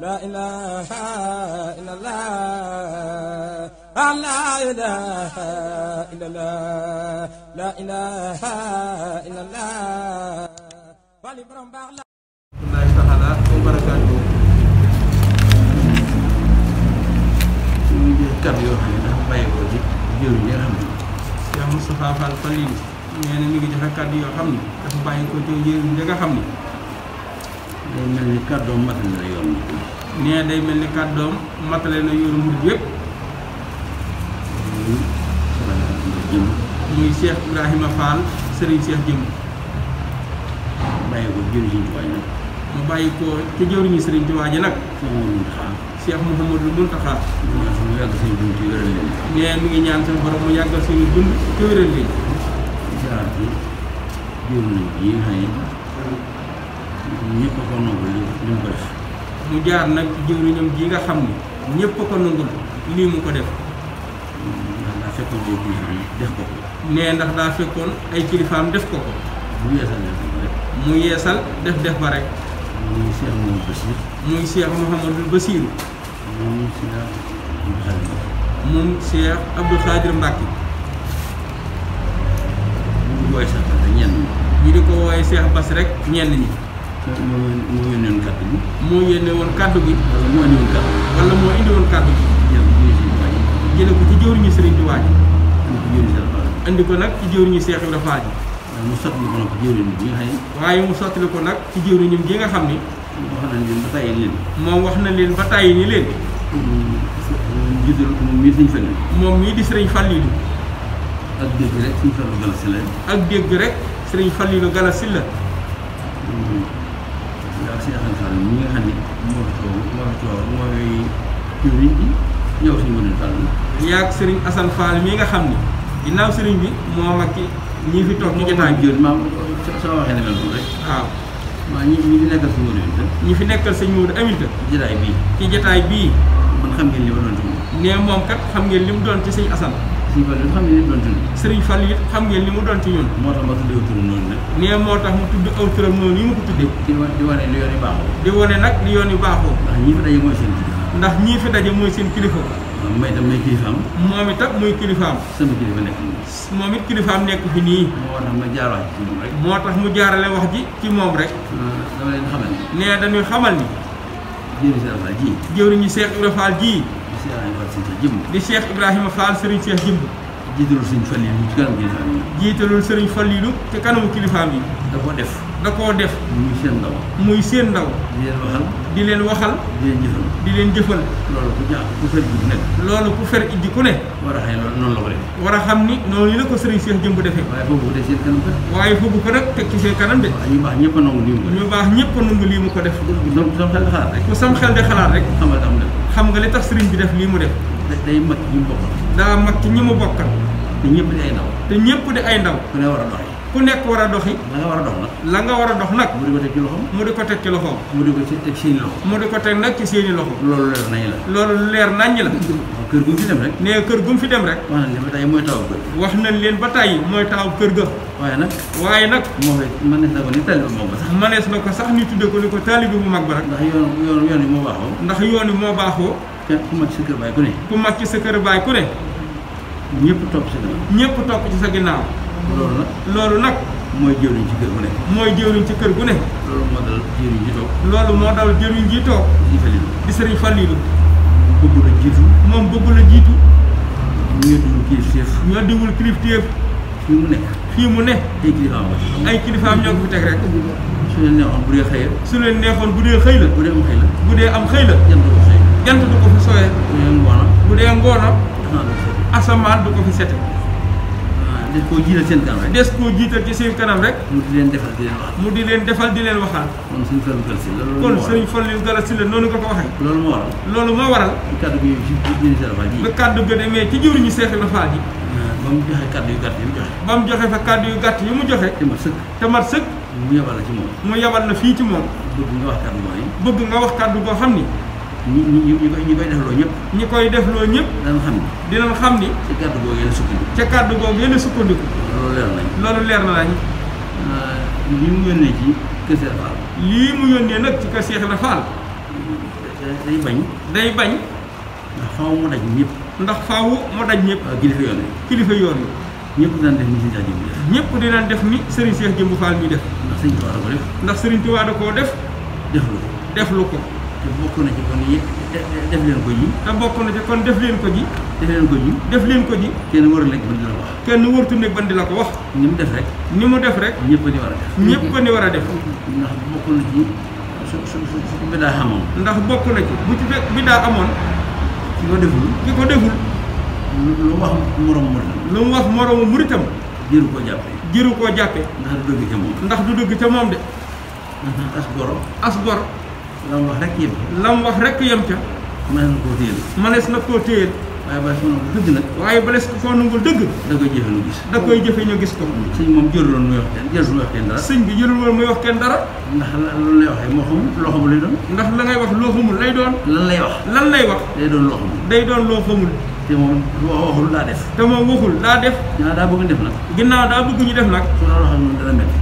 لا إله إلا الله لا إله إلا الله لا إله إلا الله الله تعالى وبركاته kàddu yoo xam ne dafa bàyyeekoo ci jëru ñi nga xam ne Cheikh Moustapha Fall Falil nee na mi ngi joxe kàddu yoo xam ne dafa bàyyeekoo ci jëru ñi nga xam ne day mel ni kàddoom matale na yoon nee day mel ni kàddoom matale na yoonu murid yépp muy Cheikh Ibrahima Fall Serigne ci waaj nag mu bàyyi ko ci jëriñu Serigne ci waaj nag Cheikh Mouhamadou Mountakha nee mi ngi ñaan seen borom mu yàggal suñu dund ci wéral leen jaar ci jëriñ ji nga xam ne ñëpp ko nangul li mu ko def. mu jaar nag ci jëwriñam ji nga xam ni ñëpp ko nangul lii mu ko def. def ko ko. nee ndax daa fekkoon ay kilifaam def ko ko. mu yeesal def def def ba rek. muy Cheikh Mouhamadou Bassir. muy Cheikh Mouhamadou Bassir. moom Cheikh Abdou Khadir Mbacke. moom Cheikh Abdou rek ñenn ñi. moo moo yónnee woon kàddu gi. moo yónnee woon kàddu gi. wala moo indi woon kàddu gi. wala ko ci jëwriñu Serigne Touba ji. andi ko nag ci jëwriñu Cheikh Ibrahima Fall mu sotti ko nag ci jëwriñ bi nga xam mu ji nga xam ni. wax nañ leen ba tàyyi leen. moom wax na leen ba tàyyi ni leen. jiital ko moom mii di sëriñ Fallou. moom mii di Serigne Fallou. ak dégg rek sëriñ Fallou Gallassi la. ak la. Cheikh Alioune Fall mi nga xam ne moo fi toog moo fi toog mooy jëwriñ nga xam ne ginnaaw Serigne bi moo mag ki ñi fi toog ñu jotaay bi. maa soo waxee ne mel ñi fi nekkal suñu mënul Aminta. ñi fi nekkal ci jotaay bii. ci jotaay bii. man xam ngeen li ma doon ci moom. ne moom kat xam ngeen li mu doon ci sëñ Assane. sëriñ Fall xam ngeen li mu doon xam ngeen li mu doon ci ñun moo tax ma tuddee aw turam noonu nag nee moo tax mu tudd aw turam noonu yi ma ko tuddee di wane li yoon yu baaxoo di wane nag li yoon yu baaxoo ndax ñii fi daje mooy seen kilifa ndax ñii fi daje mooy seen kilifa may tam may kilifaam moom itam kilifa nekk it kilifaam nekk fi nii moo tax jaar moo tax mu jaarale wax ji ci moom rek dama leen xamal ne dañuy xamal ni jëwriñu Seex Ibra Fall ji jëwriñu Seex Ibra Fall ji di Cheikh Ibrahima Fall Serigne Cheikh jëmm. jiitalul Serigne Fallilu ci kanamu kilifaam yi. jiitalul Serigne Fallilu te kanamu kilifaam yi. da koo def. da koo def. muy seen ndaw. muy seen ndaw. di leen waxal. di leen waxal. di jëfal. di leen jëfal. loolu ku jaax ku fer ji ku nekk. loolu ku fer ji ku ne. war a xëy a xam ni noonu la ko Serigne Cheikh jëmm defee. waaye foofu de seen kanam waaye foofu ko nag teg ci seen kanam de. ñu baax ñëpp a nangu lii mu ko def. baax ñëpp a nangu lii mu ko def. ku sam xel de xalaat rek. ku sam xel xamal am na. xam nga li tax sëriñ bi def lii mu def. day mag ñi mu bokkal. daa mag ci ñi mu bokkal. te ñëpp di ay ndaw. te ñëpp di ay ndaw. ku ne war a doxee. ku nekk war a doxi la nga war a dox nag la nga war a dox nag mu di ko teg ci loxoom mu di ko teg ci loxoom mu di ko teg seeni loxo mu di ko teg nag ci seeni loxo loolu leer nañ la leer nañ kër gu mu fi dem rek nee kër gu fi dem rek wax nañ leen wax nañ leen ba tàyyi mooy taxaw kër ga waaye nag waaye nag moo fay mënees na ko ni taalibe bu na ko sax ni tudde ko ni ko taalibe bu mag ba rek moo baaxoo ndax yoon moo baaxoo ku mag ci sa kër baay sa kër ku ne ñëpp topp ci sa ginnaaw ci sa ginnaaw loolu nag loolu nag mooy jëwriñ ci kër gu ne mooy jëwriñ ci kër gu ne loolu moo dal jëwriñ ji toog loolu moo dal jëwriñ ji jiitu moom bëgg la jiitu ñu weddiwul kilifteef fii mu ne fii mu ne ay kilifaam ay kilifaam ñoo ko fi teg rek su leen neexoon bu dee xëy su leen neexoon bu dee xëy bu dee am xëy la bu dee am xëy la jant du ko jant du ko fi sooyee bu dee bu dee ngoona asamaan du ko fi sete des koo jiital seen kanam rek. des koo jiital ci seen kanam rek. mu di leen defal di leen waxal. mu di leen defal di leen waxal. kon sëñ Fallou Galass si la loolu. kon sëñ Fallou Galass si la noonu nga ko waxee. loolu moo waral. loolu moo waral. kàddu gi ba kàddu ga demee ci jëwriñu Seex Ibra Faal ji. Euh, ba mu joxe kàddu yu gàtt yi mu joxe. ba mu joxe fa kàddu yu gàtt yi mu joxe. te mat sëkk te mat sëkk. mu yabal la ci moom. mu yabal la fii ci moom. bëgg nga wax kàddu mooy. nga wax kàddu goo xam ni ñi ñi ñi koy ñi koy defloo ñëpp. ñi koy defloo ñëpp. dinañ xam ni. dinañ xam ni. ca kàddu googu yéen a sukkandiku. loolu leer na lañ. Euh, lii mu yónnee ci kër Cheikh Fall. lii mu yónnee nag ci kër Cheikh Ibra Fall. day bañ. day bañ. ndax faaw mu daj ñëpp. ndax faaw mu daj ñëpp. kilifa yoon yi. kilifa yoon yi. ñëpp dinañ def ni Serigne Cheikh Jëmbu def. ñëpp dinañ def ni Serigne Cheikh Jëmbu Fall mi def. ndax Serigne Touba da koo def. def. deflu ko ko. te bokk na ci kon yi def leen ko ji te bokk na ci kon def leen ko ji def leen ko ji def leen ko ji kenn warul nekk ban la wax kenn wartu nekk ban di la ko wax ni mu def rek ni mu def rek ñëpp ni war a def ñëpp war a def ndax bokk na ci su su su bi daa ndax bokk na ci bu ci fekk bi daa amoon ki ko deful ki ko deful lu mu wax moromu muritam lu wax moromu muritam jëru koo jàppe jëru koo jàppe ndax du dëgg ca moom ndax du dëgg ca moom de as goro as goro lam wax rek yem ca. lam wax rek yem ca. mënees na koo téyel. mënees na koo téyel. waaye bala soo nangul dëgg nag. waaye bala soo nangul dëgg. da koy jëfe ñu gis. da koy jëfe ñu gis ko. sëñ moom jëluloon muy wax kenn jëlul muy wax kenn dara. sëñ bi jëlul woon muy wax kenn dara. ndax lan lay waxee moo xamul loo xamul lay ndax la ngay wax loo xamul lay doon. lan lay wax. lan lay wax. day doon loo xamul. day doon loo xamul. te moom waxul laa def. te moom waxul laa def. ginnaaw daa bëgg ñu def nag. ginnaaw daa bëgg ñu def nag.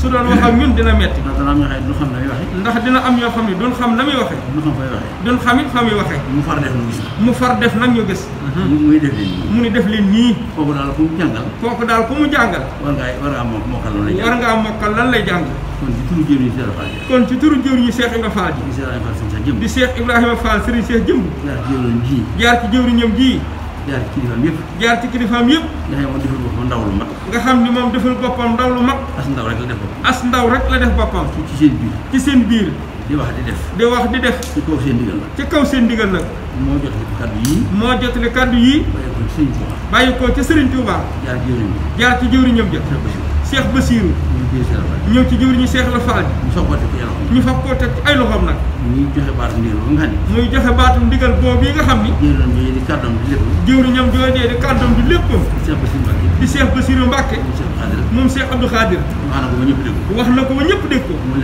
su doon wax ak dina métti. su doon wax ak dina métti. ndax dina am ñoo xam ne duñ xam la muy waxee. ndax dina am ñoo xam ne duñ xam la mu far def ñu gis. mu far def nag ñu gis. mu muy def leen nii. mu ni def leen nii. kooku daal ku mu jàngal. kooku daal ku mu jàngal. war ngaa mokkal lan lay jàng. war ngaa mokkal lan lay jàng. kon ci turu jëriñu Cheikh Fall ji. kon ci turu jëriñu Cheikh Ibrahima Fall ji. di jëm. di Cheikh Ibrahima Fall Serigne Cheikh jëm. jaar jaar ci kilifaam yëpp. jaar ci kilifaam yëpp. nga xam moom defal boppam ndaw lu mag. nga xam ni moom defal boppam lu mag. as ndaw rek la def boppam. as ndaw rek la def boppam. ci seen biir. ci seen biir. di wax di def. di wax di def. ci kaw seen digal nag. kaw seen digal nag. moo jotali kaddu yii. moo jotali kaddu yii. bàyyi ko Serigne Touba. bàyyi ko ca Serigne Touba. jaar ci jëwriñam. jaar ci jëwriñam ja. Cheikh ñëw ci jëwriñu Cheikh Ibra Fall bi ñu soog ko teg ci loxoom ñu fab ko ci ay loxoom nga xam ne muy joxe baatu ndigal boobu yi nga xam ni jëwriñam jooju di kàddoom di lépp jëwriñam jooju di kàddoom di léppam di Cheikh Bassirou moom Cheikh Abdou Khadir ñëpp dégg ko mu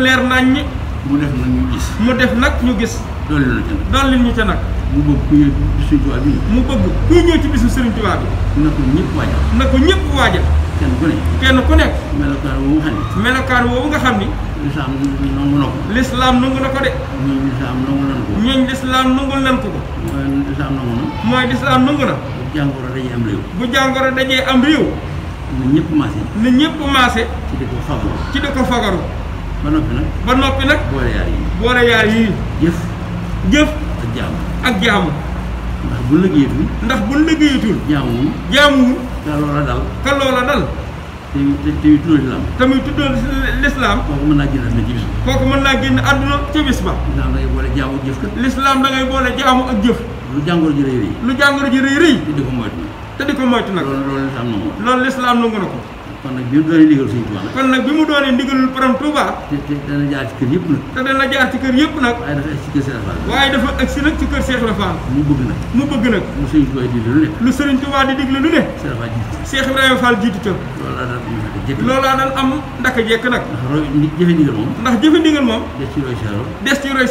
leer nañ ñi mu def nag ñu gis mu def nag ñu gis dolli ñu ca nag dolli ñu ca nag mu bëgg kuy ñëw ci bi mu bëgg kuy ñëw ci bisu Sëriñ Tuubaa bi na ko ñëpp waajal na ko ñëpp waajal kenn ku ne. kenn ku nekk. melokaan woowu nga xam ni. melokaan woowu nga xam ni. lislaam nangu na ko. lislaam nangu na ko de. ñooñ lislaam nangu nan ko. ñooñ mooy lislaam nangu na. na. bu jàngoro dajee am réew. bu jàngoro dajee am réew. na ñëpp maase. na ñëpp maase. ci di ko fagaru. ba noppi nag. ba noppi nag. boole yaar yii. boole yaar yii. jëf. jëf. ak jaamu. ndax bu liggéeyatul. ndax bu liggéeyatul. jaamu. jaamu. te loola dal. te loola dal. te te te muy tuddoo lislaam. te muy tuddoo lislaam. kooku mën naa génn àdduna ci bis ba. kooku mën naa génn àdduna ci bis ba. lislaam da ngay boole jaamu ak jëf kat. lislaam da ngay boole jëf. lu jàngoro ji rëy rëy. lu jàngoro ji rëy rëy. te di ko moytu nag. te di ko moytu nag. loolu loolu lislaam nangu na ko. loolu ko. kon nag bi mu doonee ndigal sëñ Tuubaa kon nag bi mu doonee ndigalul borom Tuubaa te te dana jaar ci kër yëpp nag te dana jaar ci kër yëpp nag waaye dafa agsi nag ci kër Cheikh Rafal mu bëgg nag mu bëgg nag lu sëñ Tuubaa di lu ne lu sëriñ Tuubaa di digle lu ne Cheikh Ibrahima jiitu ca loolaa daan am ndaka jekk nag ndax jëfe ndigal moom des ci roy Cheikh des ci royu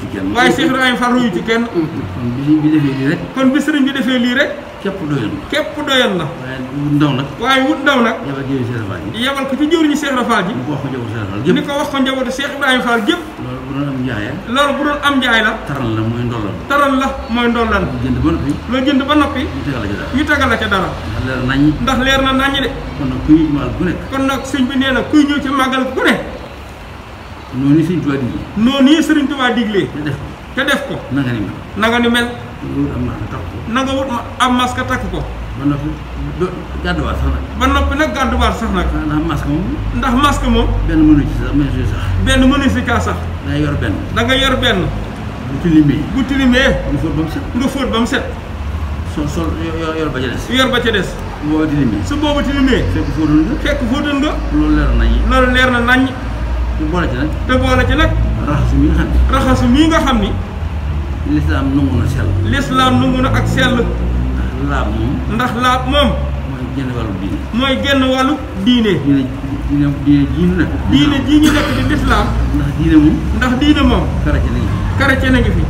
ci kenn waaye Cheikh Ibrahima royu ci kenn kon bi sëriñ bi defee lii rek képp doyoon na képp doyoon na ñëw nag yebal ko ci jëwriñu Cheikh Ibra Fall ji ni ko wax ko njabootu Cheikh Ibrahima Fall ba noppi ñu tegal la ca dara ndax leer na naññi de kon nag sëñ bi nee na kuy ñëw ci màggal ku ne noonu yi sëriñ Tuubaa digle noonu yi sëriñ Tuubaa digle te def ko na ni mel na nga ni mel na nga wut am masque takk ko ba noppi do gàdduwaat sax nag. ba noppi nag gàdduwaat sax nag. ndax masque moom. ndax masque moom. benn mënu ci sax benn mënu ci kaa sax. da yor benn. da nga yor benn. bu tilimee. bu tilimee. nga fóot ba mu set. nga fóot ba mu set. sol sol yor ba ca des. yor ba ca des. su boobu tilimee. su boobu tilimee. fekk fóotoon nga. fekk fóotoon nga. loolu leer nañ. loolu leer na nañ. te boole ci nag. te boole ci nag. raxasu mi nga xam ne. raxasu mi nga xam ni. lislaam nangu na sell. lislaam na ak sell. laab moom. ndax laab moom. mooy genn wàllu diine. mooy genn wàllu diine. diine diine diine ji ñu nekk. diine ji ñu nekk di lislaam. ndax diine moom. ndax diine moom. karace na ngi fi. karace na ngi fi.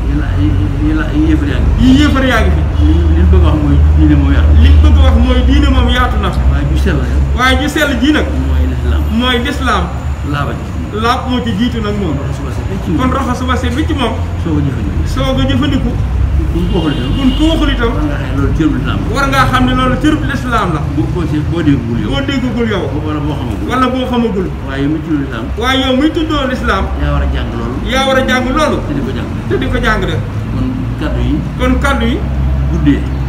yi yéefar yaa ngi fi. yi yéefar yaa ngi fi. li li bëgg wax mooy diine moom yaatu. li bëgg wax mooy diine moom yaatu na. waaye ju sell la waaye ju sell ji nag. mooy lislaam mooy lislaam. laaba ji. laab moo ci jiitu nag moom. kon roxo suba see bi ci moom. soo ko jëfandiku. soo ko jëfandiku. buñ ko waxul itam war ngaa xam ne loolu cërub lislaam la boo déggul yow boo déggul yow wala boo xamagul wala boo xamagul waaye yow muy tuddoo lislaam waaye yow muy tuddoo lislaam yaa war a jàng loolu a jàng loolu te di ko jàng te di yi kon kaddu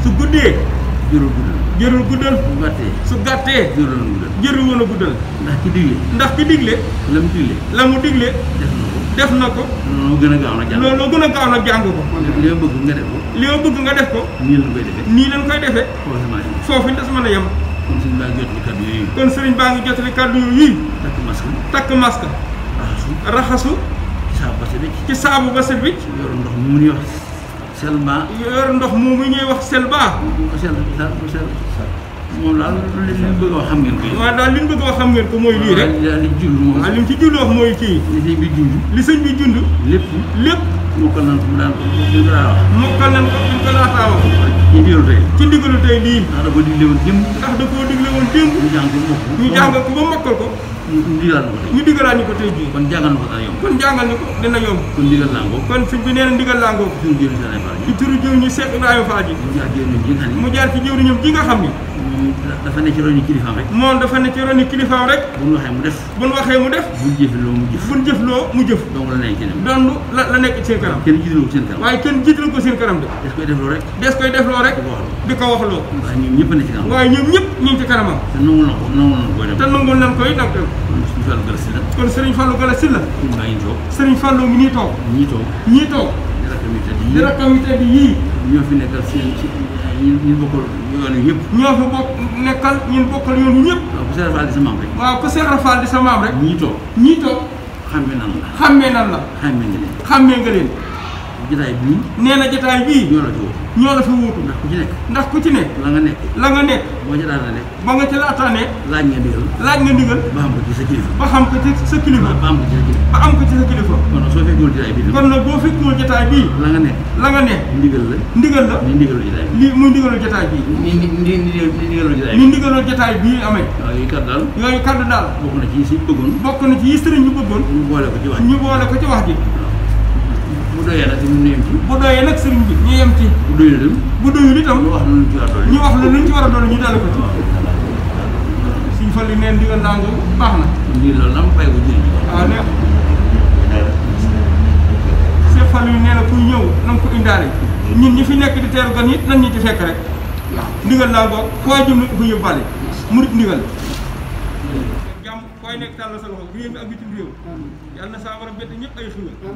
su guddee jërul guddal jërul su gàttee su gàttee ndax ki digle ndax ki digle la mu digle la mu digle def na ko. looloo gën a gaaw nag jàng ko looloo gën a gaaw nag jàng ko. li nga bëgg nga def ko. li nga bëgg nga def ko. nii lañ koy defee. nii lañ koy defee. foofu des mën a yem. kon sëriñ baa ngi jotali li yooyu. kon takk masque. raxasu. raxasu. ci saabu ba set bi. ci saabu ba bi. yor ndox mu ñuy wax sel baa. yor ñuy wax sel baa. sel moom daal li xam ngeen ko. waaw li ñu bëgg a wax xam ngeen ko mooy lii rek. waaw li jund moom. mu ci mooy kii. li sëñ bi jund. li sëñ bi jund. lépp lépp. ko mu daan ko mu daan wax. mokkal nañ ko mu daan wax. ci ndigalu tey. ci ndigalu tey lii. ndax da koo digle woon démb. ndax da koo digle ñu jàng ko mokkal ñu ñu digal ko ñu digalaat ko tey jii. kon jàngal na ko dana yomb. kon kon digal làngoo. kon fi bi nee na ndigal làngoo. ci turu jëw ñu Seex mu jaar ci jëwriñam ji nga xam ni moom dafa ne ci roni kilifaam rek moom dafa ne ci roni kilifaam rek buñ waxee mu def buñ waxee mu def mu jëf buñ jëfloo jëf donc la nekk ci la la nekk ci seen kanam kenn jiitaloo ko seen kanam waaye kenn jiitaloo ko seen kanam de des koy defloo rek des koy defloo rek di ko waxloo waaye ñoom ñëpp ne ci kanam waaye ñoom ñëpp ñu na ko nangul na koy def te nangul nañ koy nag kon Serigne Fallou Gala Sylla kon Serigne Fallou Gala Sylla Serigne Fallou mi nii toog ñii toog ñii toog di rakkam yi tedd yii ñoo fi nekkal seen ci bokkal yoon yëpp. ñoo fi nekkal ñun bokkal yoon ñëpp. waaw ku Seex Faal di sa maam rek. ñiitoo ku Seex Faal di sa maam rek. ñii toog ñii toog. xàmmee nan jotaay bii nee na jotaay bii ñoo ñoo la fi wóotu ndax ku ci la nga la nga nekk boo ca daana nekk ba la ataane laaj nga ndigal laaj nga sa am ko sa kilifa ba am ko la nga nekk la nga nekk la ndigal la muy ndigalu jotaay bi muy ndigalu jotaay bii ni ndigalu jotaay bii amee yooyu kaddu daal yooyu kaddu daal bokk na ci si bëggoon bokk na ci yi sëriñ ñu bëggoon ñu boole ko ci wax ñu boole ko ci wax ji bu doyee nag ñu yem ci bu doyee nag sëriñ bi ñu yem ci bu doyul itam bu doyul itam ñu wax lu ñu ci war a dolli ñu wax lu si ci war a ñu baax na lii loolu am fay ko jëriñ yu ah, nee na kuy ñëw na nga ko ñun ñi fi nekk di teeru gan it nan ñu ci fekk rek waaw ndigal laa boog koo jëm bu ñu bale murit ndigal jàmm koy nekk tàll sa loxo réew mi ak bitim réew yàlla na bett ñëpp ay xëwal